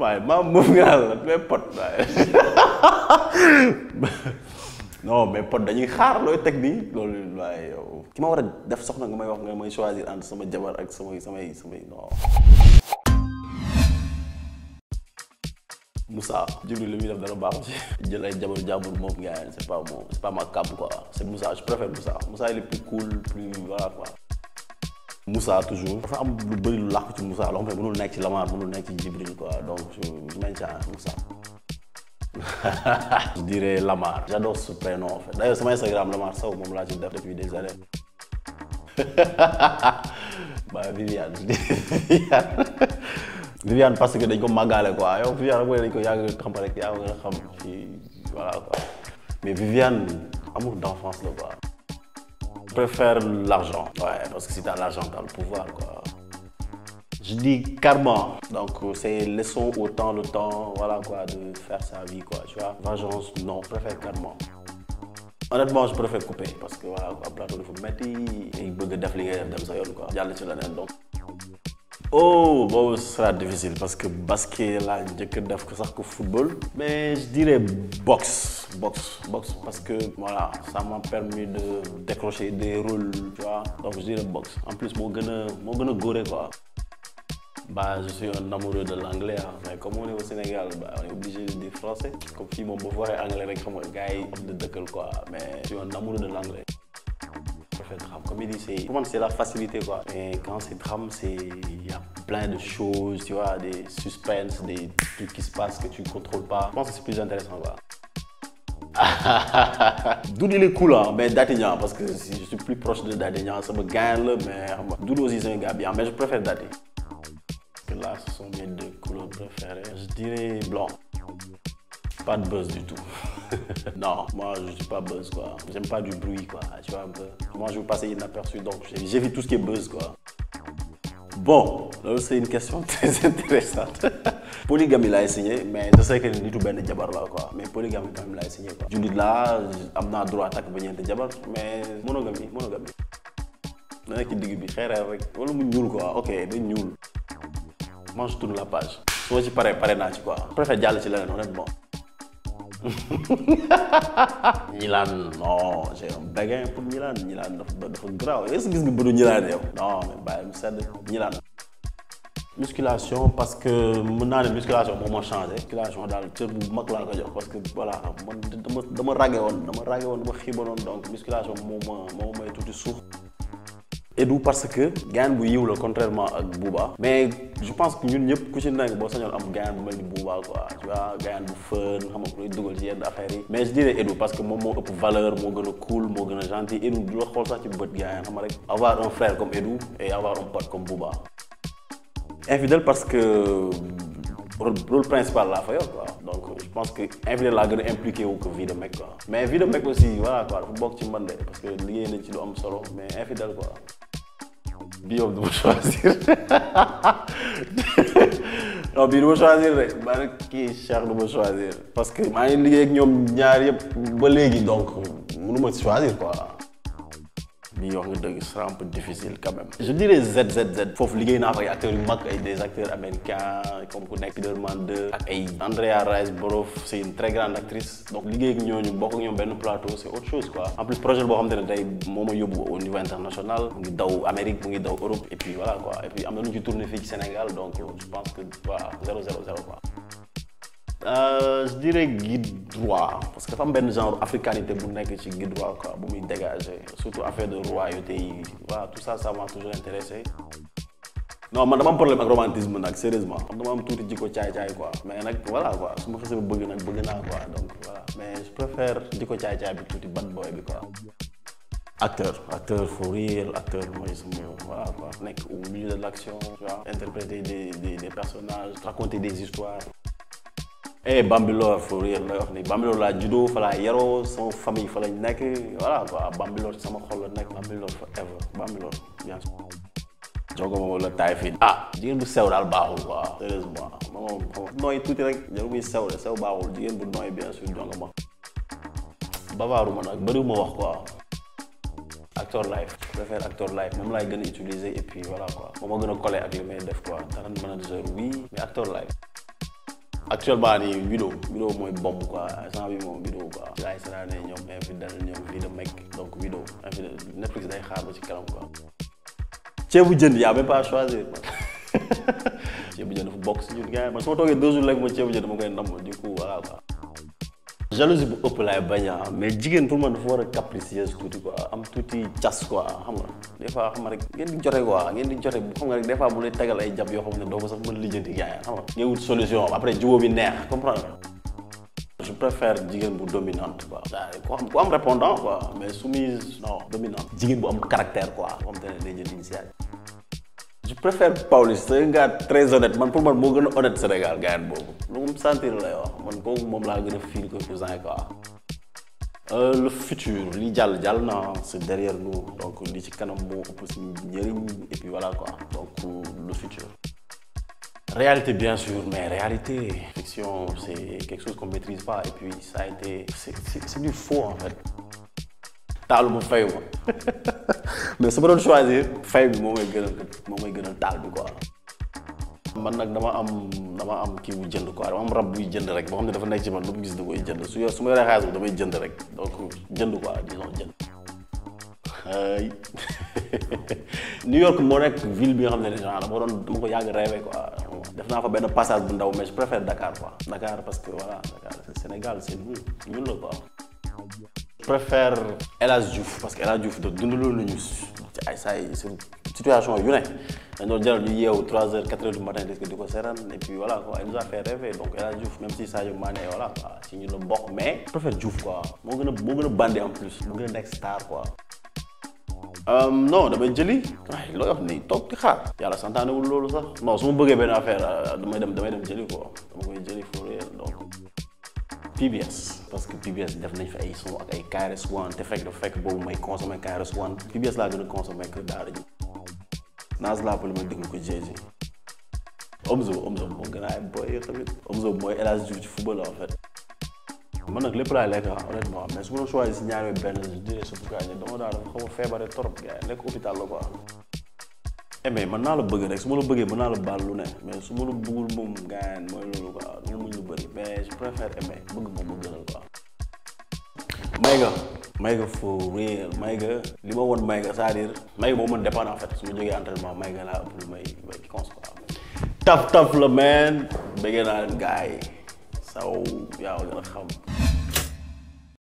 My mom mungal, mepet. non mais pot dañuy xaar loy tek ni, loolu waaye yow ki ma wara def soxna nga may wax nga may choisir entre sama jabar ak sama sama sama no. Moussa Djibril limi def dara baax ci jël ay jabar jàmbur mom ngay, c'est pas mom, c'est pas ma cap quoi c'est Moussa je préfère Moussa Moussa il est plus cool plus voilà quoi Moussa toujours dafa am Moussa ne ci Lamar donc je Moussa. je dirais Lamar. j'adore ce prénom en fait d'ailleurs Instagram Lamar Ça, moom je ci depuis des années. bah Viviane Viviane. Viviane parce que dañ ko magalé quoi Viviane mooy dañ ko xam mais Viviane amour d'enfance je préfère l'argent. Ouais, parce que si t'as l'argent, t'as le pouvoir, quoi. Je dis karma. Donc, euh, c'est laissons autant le temps, voilà, quoi, de faire sa vie, quoi, tu vois. Vengeance, non, je préfère carrément. honnêtement je préfère couper parce que voilà quoi plateau dafa il bëgg def li ngay def dem sa yoon quoi jàll ci leneen donc oh ce sera difficile parce que basket là, def football. mais je dirais boxe boxe boxe parce que voilà ça m'a permis de décrocher des rôles tu vois donc je dirais boxe en plus je bah, je suis un amoureux de l'anglais, hein. mais comme on est au Sénégal, bah, on est obligé de dire français. Comme si mon beau anglais, comme un gars de quoi. Mais je suis un amoureux de l'anglais. Comme il dit, c'est. Pour c'est la facilité, quoi. Et quand c'est drame, c'est. Il y a plein de choses, tu vois, des suspens, des trucs qui se passent que tu ne contrôles pas. Je pense que c'est plus intéressant, D'où les il est cool hein, mais parce que je suis plus proche de Datignan, ça me gagne le merde. D'où c'est un gars bien mais je préfère Datignan. Là ce sont mes deux couleurs préférées, je dirais blanc. Pas de buzz du tout. non, moi je suis pas buzz quoi. J'aime pas du bruit quoi. Tu vois un Moi je veux passer inaperçu donc j'évite tout ce qui est buzz quoi. Bon, c'est une question très intéressante. polygamie l'a essayé mais je sais que bien de jabar là quoi mais polygamie quand même l'a essayé quoi. là, là, am a droit takk ba de jabar mais monogamie monogamie. na nekk digg bi xeeral rek wala mu nul quoi ok dañ ñuul. moi je tourne la page. Soit je pareil, pas naa quoi. je préfère jàll ci mais honnêtement. Milan non j'ai un béguin pour Milan Milan dafa dafa graaw est-ce que gis nga bëru Milan yow non mais bàyyi mu sedd Milan musculation parce que mën naa ne musculation moom moo changé musculation daal cër bu mag laa ko jox parce que voilà man dama dama rage woon dama rage woon dama xiibanoon donc musculation moom moo may tuuti suuf Edu parce que gagne bu yiw la contrairement ak Bouba mais je pense que ñun ñëpp ku ci nekk bo sañoon am gaañ bu mel ni Bouba quoi tu vois gagne bu fën xam nga luy ci yenn affaire yi mais je dirais Edou parce que moom moo ëpp valeur mo gën cool mo gën gentil Edu du la xool sax ci bët gaañ xam rek avoir un frère comme Edou et avoir un pote comme Bouba infidèle parce que rôle principal là fa quoi donc je pense que infidèle la la impliqué ou que vie de mec quoi mais vie de mec aussi voilà quoi faut bokk ci parce que liggéey nañ ci lu am solo mais infidèle quoi bir não bu né? então, não non bii du ma choisir de ma ne kii Cheikh não ma choisir parce que maa ngi liggéey ak ñoom quoi. New sera un peu difficile quand même je dirais ZZZ Il y a ay acteurs des acteurs américains comme ku nekk 2 et Andrea Riseborough c'est une très grande actrice donc liggéey ak ñooñu bokk plateau c'est autre chose quoi en plus le projet boo xam te ne tey moo au niveau international mu ngi daw Amérique mu ngi daw Europe et puis voilà quoi et puis am na lu ñu ci tourné fii ci Sénégal donc je pense que voilà 0 0 0 euh, je dirais guide droit parce que dafa a un genre africanité pour nekk ci guide droit quoi pour dégager surtout affaire de royauté voilà tout ça ça m'a toujours intéressé non mais pas am problème de romantisme sérieusement Je am tout jikko caay tchaï quoi mais nag voilà quoi Si moi xasee ba je nag bëgg quoi donc mais je préfère jikko caay-caay bi du bad boy quoi. acteur acteur faut rire acteur je sama voilà quoi au milieu de l'action tu vois interpréter des personnages raconter des histoires. eh Bambilor for real lay wax ni Bambilor laa juddoo fa laa yaroo sama famille fa lañ nekk voilà quoi Bambilor sama xol la nekk Bambilor forever Bambilor bien sûr. jogo ah jigéen bu sew daal baaxul quoi heureusement moom sew de sew baaxul jigéen bu nooy bien sûr jonga ma nag bëriwuma wax quoi acteur life préfère acteur life moom laay gën a utiliser et puis voilà quoi moom moo gën a collé ak li may def quoi dara manager oui mais acteur life actuellement nii vidéo vidéo mooy bomb quoi instant bi moom vidéo quoi laay saraane ñoom infidèle ñoom lii da mekk donc vidéo infidèle Netflix day xaar ba ci kanam quoi ceebu jën yaa même pas choisir ceebu jën dafa bokk si ñun gars yi man su ma deux jours rek ma ceebu jën dama koy ndam du coup voilà quoi jalousie bu ëpp laay bañ a am mais jigéen pour man dafa war a capricieuse tuuti quoi am tuuti cas quoi xam nga des xam nga rek ngeen di jote quoi ngeen di jote xam nga rek des bu lay tegal ay jàpp yoo xam ne doo ko sax mën lijjanti yaay xam nga ngay wut solution après jubóo bi neex comprendre je préfère jigéen bu dominante quoi. ku am répondant quoi mais soumise non dominante. jigéen bu am caractère quoi. comme tey dañuy jël initiative. je préfère un gars très honnête man pour man moo gën honnête Sénégal gars boobu Nous mu sentir là, wax man kooku moom laa gën a fiil ko hein, euh, le futur li jàll jàll na c'est derrière nous donc li ci kanam moo ëpp suñu et puis voilà quoi donc le futur. Réalité, bien sûr, mais réalité, fiction, c'est quelque chose qu'on ne maîtrise pas. Et puis, ça a été. C'est du faux, en fait. taalu ma fayu ma mais su ma doon choisir fay bi moo may gënal moo may gënal taal bi quoi. man nag dama am dama am kii bu jënd quoi dama buy jënd rek boo xam ne dafa nekk ci man lu mu gis da koy jënd su su ma yoree damay jënd rek donc jënd quoi disons jënd. New York moo nekk ville bi nga xam ne genre dama ko doon dama ko yàgg rêvé quoi def naa fa benn passage bu ndaw mais je préfère Dakar quoi Dakar parce que voilà Dakar c'est Sénégal c'est nous ñun la quoi. je préfère El parce qu'elle a Hadj Diouf nañu ci ay situation yu 3 h 4 h du matin et puis voilà quoi nous a fait rêver donc Elas Diouf même si ça Mané voilà si ñu mais je préfère Diouf quoi suis bandé en plus Je suis un star quoi. Euh, non je jëli pas Il xaar je non su ma bëggee affaire dem quoi PBS parce que PBS def nañ fi ay son ak ay KRS One te fekk dafa fekk boobu may consommer KRS One PBS laa gën a consommer que Daara J a ay mooy El Hadj ci football en fait. man nag lépp laay lekk ah honnêtement mais su ma doon choisir si ñaar benn je dirais surtout que dama daal dafa xaw a feebare trop gars yi nekk eh, mais su ma la bëggee mën naa la baal lu ne mais su ma la bëggul moom gars mooy loolu quoi. Man, mais je préfère Aimé bëgg moom ma gënal quoi. mega Maïga for real Mega. li ma woon Maïga c'est-à-dire Maïga moo mën dépendre en fait su ma jógee entraînement Maïga laa ëpp lu may may tough, cons quoi. taf taf la man bëggee naa leen gars yi saw yaaw gën a xam.